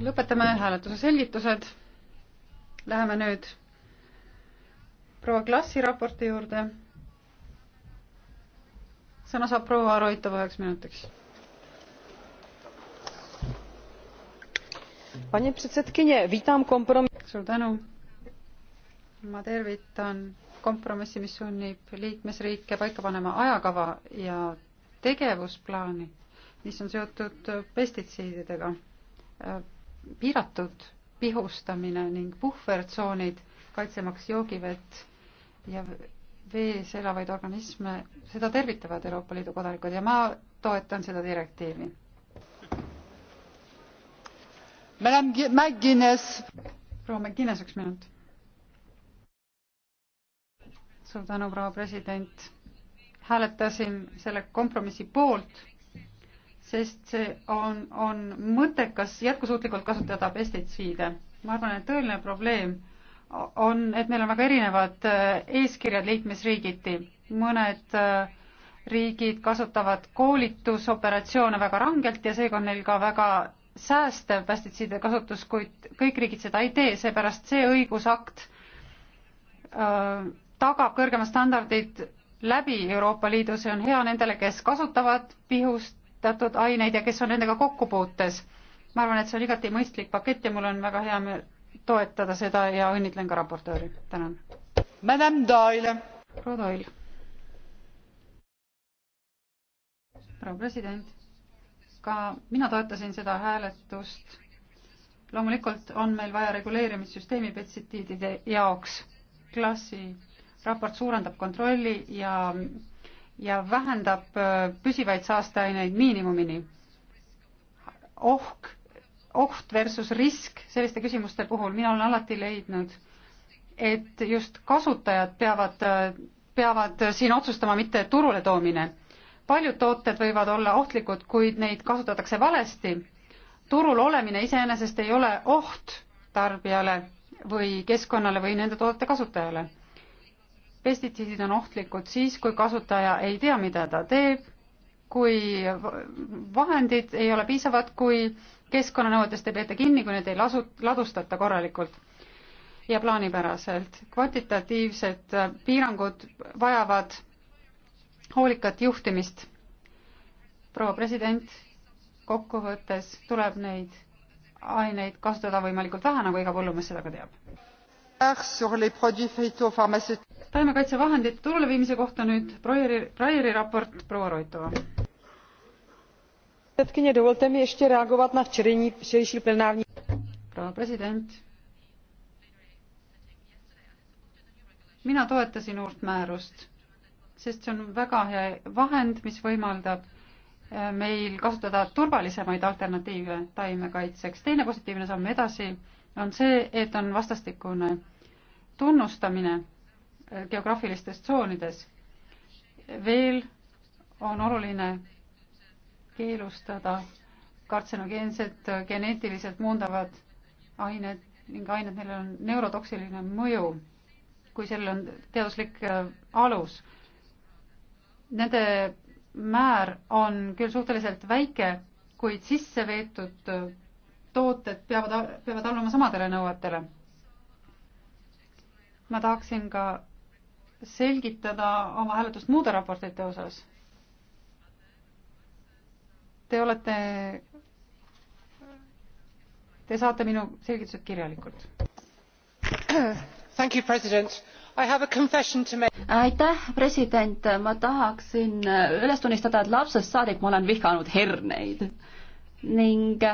lõpetame hääletuse selgitused. Läheme nüüd proua Klassi raporti juurde. sõna saab proua Aroitova üheks minutiks. suur tänu. ma tervitan kompromissi, mis sunnib liikmesriike paika panema ajakava ja tegevusplaani, mis on seotud pestitsiididega piiratud pihustamine ning puhvertsoonid, kaitsemaks joogivett ja vees elavaid organisme, seda tervitavad Euroopa Liidu kodanikud ja ma toetan seda direktiivi. proua McGuinness, üks minut. suur tänu, proua president. hääletasin selle kompromissi poolt sest see on, on mõttekas jätkusuutlikult kasutada pestitsiide. ma arvan, et tõeline probleem on, et meil on väga erinevad äh, eeskirjad liikmesriigiti. mõned äh, riigid kasutavad koolitusoperatsioone väga rangelt ja seega on neil ka väga säästev pestitsiide kasutus, kuid kõik riigid seda ei tee, seepärast see õigusakt öö, äh, tagab kõrgemad standardid läbi Euroopa Liidu, see on hea nendele, kes kasutavad pihust, teatud aineid ja kes on nendega kokkupuutes. ma arvan, et see on igati mõistlik pakett ja mul on väga hea meel toetada seda ja õnnitlen ka raportööri. tänan. Madame Doyle. proua Doyle. proua president, ka mina toetasin seda hääletust. loomulikult on meil vaja reguleerimissüsteemi petsitiidide jaoks. klassi raport suurendab kontrolli ja ja vähendab äh, püsivaid saasteaineid miinimumini. ohk, oht versus risk selliste küsimuste puhul, mina olen alati leidnud, et just kasutajad peavad, äh, peavad siin otsustama, mitte turule toomine. paljud tooted võivad olla ohtlikud, kuid neid kasutatakse valesti. turul olemine iseenesest ei ole oht tarbijale või keskkonnale või nende toodete kasutajale pestitsiidid on ohtlikud siis, kui kasutaja ei tea, mida ta teeb, kui vahendid ei ole piisavad, kui keskkonnanõuetest ei peeta kinni, kui need ei lasu, ladustata korralikult ja plaanipäraselt. kvantitatiivsed äh, piirangud vajavad hoolikat juhtimist. proua president, kokkuvõttes tuleb neid aineid kasutada võimalikult vähe, nagu iga põllumees seda ka teab taimekaitsevahendite turule viimise kohta nüüd breueri, breueri raport proua roitova. proua president mina toetasin uut määrust sest see on väga hea vahend mis võimaldab eh, meil kasutada turvalisemaid alternatiive taimekaitseks teine positiivne samm edasi on see, et on vastastikune tunnustamine äh, geograafilistes tsoonides. veel on oluline keelustada kartsenogeensed äh, geneetiliselt muundavad ained ning ained, millel on neurotoksiline mõju, kui sellel on teaduslik äh, alus. Nende määr on küll suhteliselt väike, kuid sisse veetud tooted peavad, peavad alluma samadele nõuetele. ma tahaksin ka selgitada oma hääletust muude raportite osas. Te olete, te saate minu selgitused kirjalikult. Thank you, president aitäh president ma tahaksin üles tunnistada et lapsest saadik ma olen vihkanud herneid ning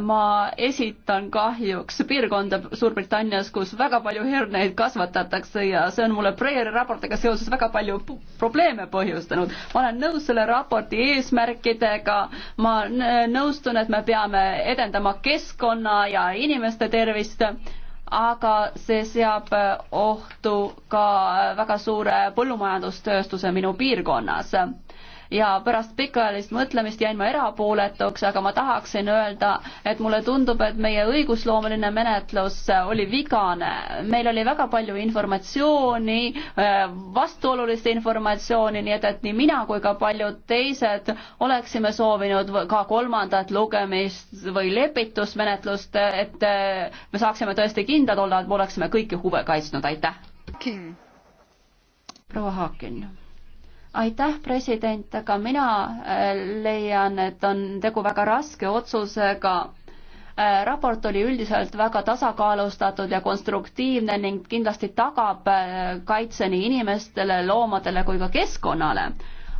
ma esitan kahjuks piirkonda Suurbritannias, kus väga palju herneid kasvatatakse ja see on mulle Breeri raportiga seoses väga palju probleeme põhjustanud. ma olen nõus selle raporti eesmärkidega, ma nõustun, et me peame edendama keskkonna ja inimeste tervist, aga see seab ohtu ka väga suure põllumajandustööstuse minu piirkonnas ja pärast pikaajalist mõtlemist jäin ma erapooletuks, aga ma tahaksin öelda, et mulle tundub, et meie õigusloomeline menetlus äh, oli vigane. meil oli väga palju informatsiooni, äh, vastuolulist informatsiooni, nii et, et nii mina kui ka paljud teised oleksime soovinud ka kolmandat lugemist või lepitusmenetlust, et äh, me saaksime tõesti kindlad olla, et me oleksime kõiki huve kaitsnud, aitäh! proua Haakin aitäh, president, aga mina äh, leian, et on tegu väga raske otsusega äh, raport oli üldiselt väga tasakaalustatud ja konstruktiivne ning kindlasti tagab äh, kaitse nii inimestele, loomadele kui ka keskkonnale.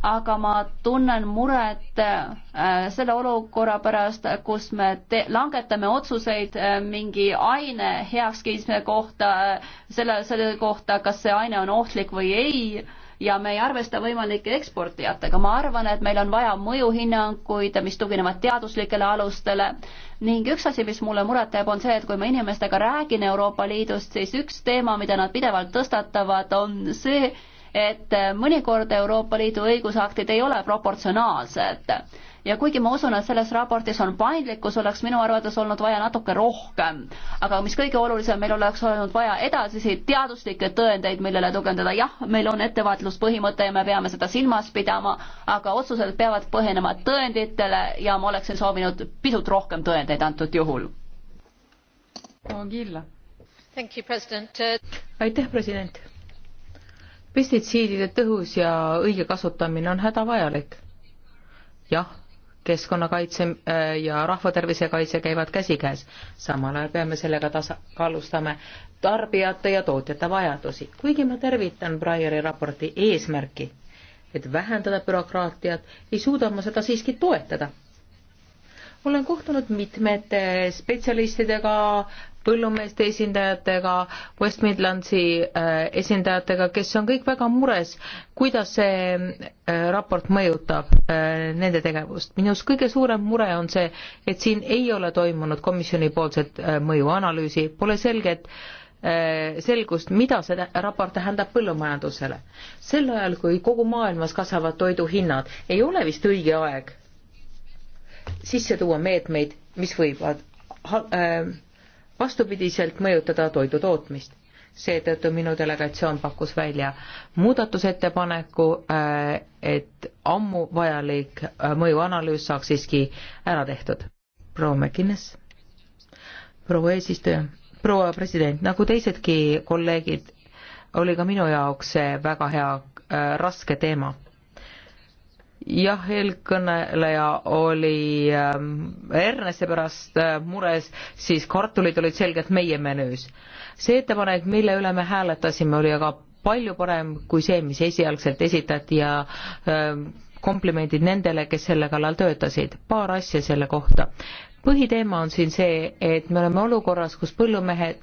aga ma tunnen muret selle olukorra pärast, kus me te-, langetame otsuseid mingi aine heakskiitmise kohta, selle, selle kohta, kas see aine on ohtlik või ei ja me ei arvesta võimalike eksportijatega. ma arvan, et meil on vaja mõjuhinnanguid, mis tuginevad teaduslikele alustele ning üks asi, mis mulle muret teeb, on see, et kui ma inimestega räägin Euroopa Liidust, siis üks teema, mida nad pidevalt tõstatavad, on see, et mõnikord Euroopa Liidu õigusaktid ei ole proportsionaalsed ja kuigi ma usun, et selles raportis on paindlikkus, oleks minu arvates olnud vaja natuke rohkem. aga mis kõige olulisem, meil oleks olnud vaja edasisi teaduslikke tõendeid, millele tugevdada. jah, meil on ettevaatluspõhimõte ja me peame seda silmas pidama, aga otsused peavad põhinema tõenditele ja ma oleksin soovinud pisut rohkem tõendeid antud juhul. aitäh, president pestitsiidide tõhus ja õige kasutamine on hädavajalik. jah, keskkonnakaitse äh, ja rahvatervise kaitse käivad käsikäes. samal ajal peame sellega tasakaalustama tarbijate ja tootjate vajadusi. kuigi ma tervitan Breyeri raporti eesmärki, et vähendada bürokraatiat, ei suuda ma seda siiski toetada olen kohtunud mitmete spetsialistidega, põllumeeste esindajatega, West Midlandsi äh, esindajatega, kes on kõik väga mures, kuidas see äh, raport mõjutab äh, nende tegevust. minu arust kõige suurem mure on see, et siin ei ole toimunud komisjonipoolset mõjuanalüüsi, pole selget selgust, mida see raport tähendab põllumajandusele. sel ajal, kui kogu maailmas kasvavad toiduhinnad, ei ole vist õige aeg sisse tuua meetmeid, mis võivad äh, vastupidiselt mõjutada toidu tootmist. seetõttu minu delegatsioon pakkus välja muudatusettepaneku, äh, et ammu vajalik äh, mõjuanalüüs saaks siiski ära tehtud. proua Mäkines, proua eesistuja, proua president, nagu teisedki kolleegid, oli ka minu jaoks see väga hea raske teema jah, eelkõneleja oli äh, hernese pärast äh, mures, siis kartulid olid selgelt meie menüüs. see ettepanek, mille üle me hääletasime, oli aga palju parem kui see, mis esialgselt esitati ja äh, komplimendid nendele, kes selle kallal töötasid. paar asja selle kohta põhiteema on siin see, et me oleme olukorras, kus põllumehed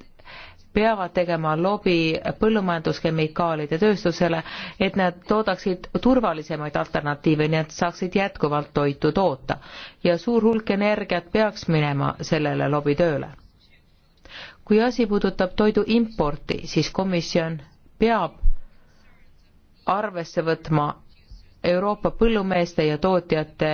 peavad tegema lobi põllumajanduskemikaalide tööstusele, et nad toodaksid turvalisemaid alternatiive, nii et saaksid jätkuvalt toitu toota. ja suur hulk energiat peaks minema sellele lobitööle. kui asi puudutab toidu importi, siis komisjon peab arvesse võtma Euroopa põllumeeste ja tootjate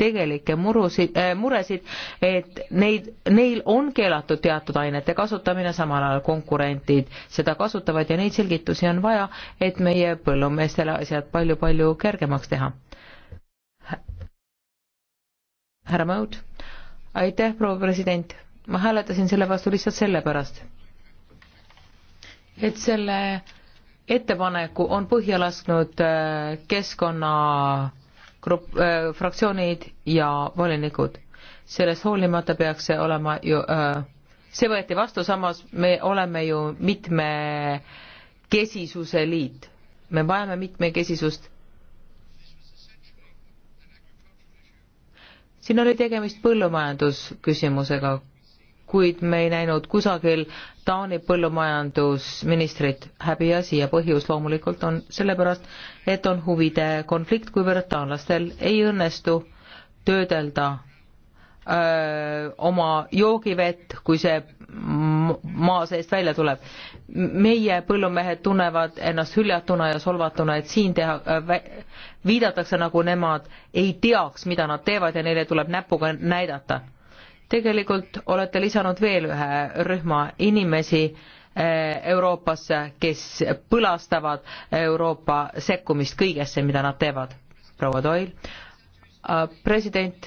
tegelikke murusid äh,, muresid, et neid, neil on keelatud teatud ainete kasutamine, samal ajal konkurentid seda kasutavad ja neid selgitusi on vaja, et meie põllumeestele asjad palju-palju kergemaks teha. härra Mõud, aitäh, proua president, ma hääletasin selle vastu lihtsalt sellepärast, et selle ettepaneku on põhja lasknud äh, keskkonna grupp äh,, fraktsioonid ja volinikud. sellest hoolimata peaks see olema ju äh,, see võeti vastu, samas me oleme ju mitmekesisuse liit. me vajame mitmekesisust. siin oli tegemist põllumajandusküsimusega, kuid me ei näinud kusagil Taani põllumajandusministrit. häbiasi ja põhjus loomulikult on sellepärast, et on huvide konflikt, kuivõrd taanlastel ei õnnestu töödelda öö, oma joogivett, kui see maa seest välja tuleb. meie põllumehed tunnevad ennast hüljatuna ja solvatuna, et siin teha, viidatakse nagu nemad ei teaks, mida nad teevad ja neile tuleb näpuga näidata tegelikult olete lisanud veel ühe rühma inimesi eh, Euroopasse, kes põlastavad Euroopa sekkumist kõigesse, mida nad teevad. proua Toil, ah, president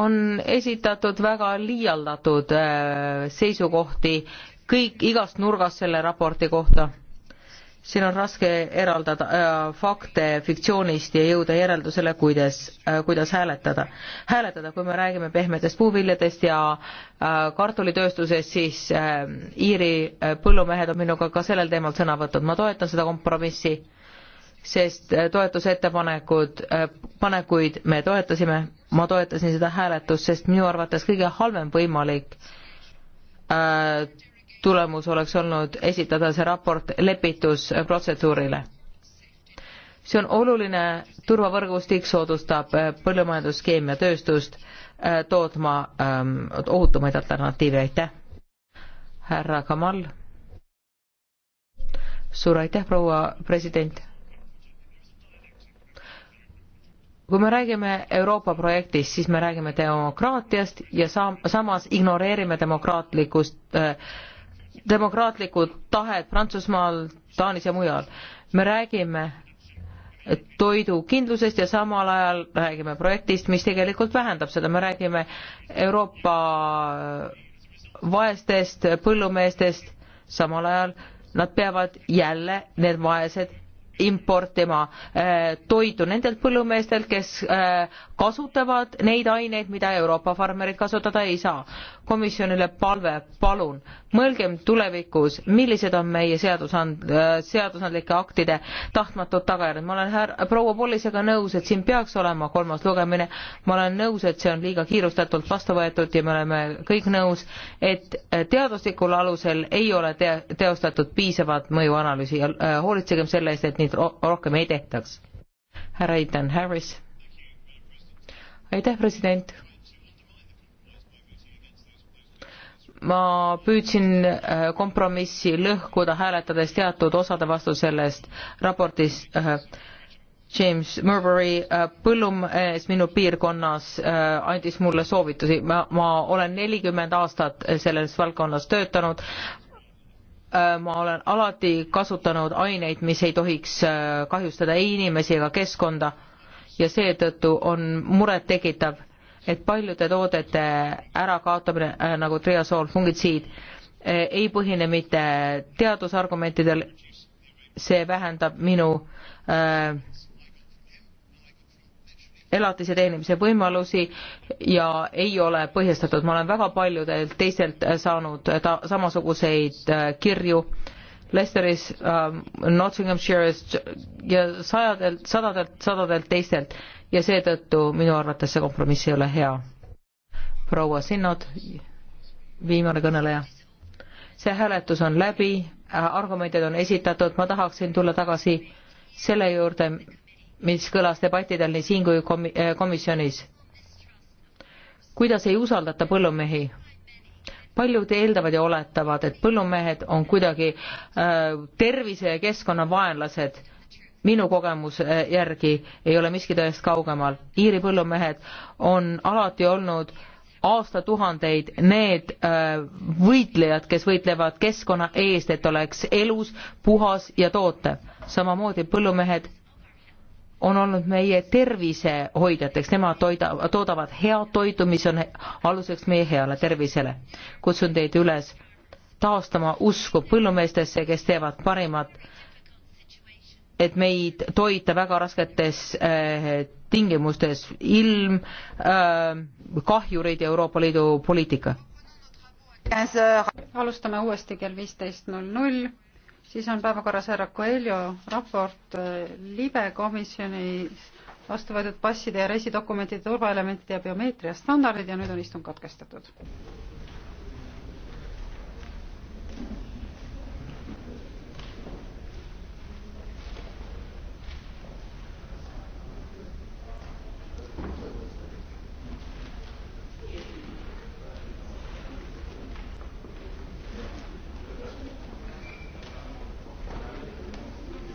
on esitatud väga liialdatud eh, seisukohti kõik igast nurgast selle raporti kohta siin on raske eraldada äh, fakte fiktsioonist ja jõuda järeldusele, kuidas äh,, kuidas hääletada. hääletada, kui me räägime pehmetest puuviljadest ja äh, kartulitööstusest, siis äh, Iiri äh, põllumehed on minuga ka sellel teemal sõna võtnud, ma toetan seda kompromissi, sest äh, toetusettepanekud äh,, panekuid me toetasime, ma toetasin seda hääletust, sest minu arvates kõige halvem võimalik äh, tulemus oleks olnud esitada see raport lepitusprotseduurile. see on oluline turvavõrgustik, soodustab äh, põllumajanduskeemiatööstust äh, tootma ähm, ohutumaid alternatiive, aitäh. härra Kamal. suur aitäh, proua president. kui me räägime Euroopa projektist, siis me räägime demokraatiast ja sam-, samas ignoreerime demokraatlikust äh, demokraatlikku tahet Prantsusmaal, Taanis ja mujal. me räägime toidukindlusest ja samal ajal räägime projektist, mis tegelikult vähendab seda, me räägime Euroopa vaestest põllumeestest, samal ajal nad peavad jälle, need vaesed, importima äh, toidu nendelt põllumeestelt, kes äh, kasutavad neid aineid, mida Euroopa farmerid kasutada ei saa. komisjonile palve, palun mõelgem tulevikus, millised on meie seadusand-, äh, seadusandlike aktide tahtmatud tagajärjed. ma olen härra, proua Pollisega nõus, et siin peaks olema kolmas lugemine, ma olen nõus, et see on liiga kiirustatult vastu võetud ja me oleme kõik nõus, et teaduslikul alusel ei ole te-, teostatud piisavat mõjuanalüüsi ja hoolitsegem selle eest, et nii neid rohkem ei tehtaks. härra Ethan Harris. aitäh, president. ma püüdsin äh, kompromissi lõhkuda, hääletades teatud osade vastu sellest raportist äh, James Murbury äh, põllumees minu piirkonnas andis mulle soovitusi. ma olen nelikümmend aastat selles valdkonnas töötanud Äh, ma olen alati kasutanud aineid, mis ei tohiks äh, kahjustada ei inimesi ega keskkonda ja seetõttu on murettekitav, et paljude toodete ärakaotamine äh, nagu triasool, fungitsiid, ei põhine mitte teadusargumentidel, see vähendab minu äh, elatise teenimise võimalusi ja ei ole põhjustatud. ma olen väga paljudelt teistelt saanud ta, samasuguseid äh, kirju Leicesteris um,, ähm, Nottinghamshire'is ja sajadelt, sadadelt, sadadelt teistelt ja seetõttu minu arvates see kompromiss ei ole hea. proua Sinnod, viimane kõneleja. see hääletus on läbi, äh, argumendid on esitatud, ma tahaksin tulla tagasi selle juurde, mis kõlas debattidel nii siin kui komi-, äh, komisjonis. kuidas ei usaldata põllumehi? paljud eeldavad ja oletavad, et põllumehed on kuidagi äh, tervise ja keskkonna vaenlased. minu kogemuse äh, järgi ei ole miski tõest kaugemal. Iiri põllumehed on alati olnud aastatuhandeid need äh, võitlejad, kes võitlevad keskkonna eest, et oleks elus, puhas ja tootev. samamoodi põllumehed on olnud meie tervisehoidjateks, nemad toida, toodavad head toitu, mis on aluseks meie heale tervisele. kutsun teid üles taastama usku põllumeestesse, kes teevad parimat, et meid toita väga rasketes äh, tingimustes, ilm äh,, kahjurid ja Euroopa Liidu poliitika. alustame uuesti kell viisteist null null siis on päevakorras härra Coelho raport äh, libe komisjonis vastu võetud passide ja reisidokumentide turvaelementide ja biomeetria standardid ja nüüd on istung katkestatud.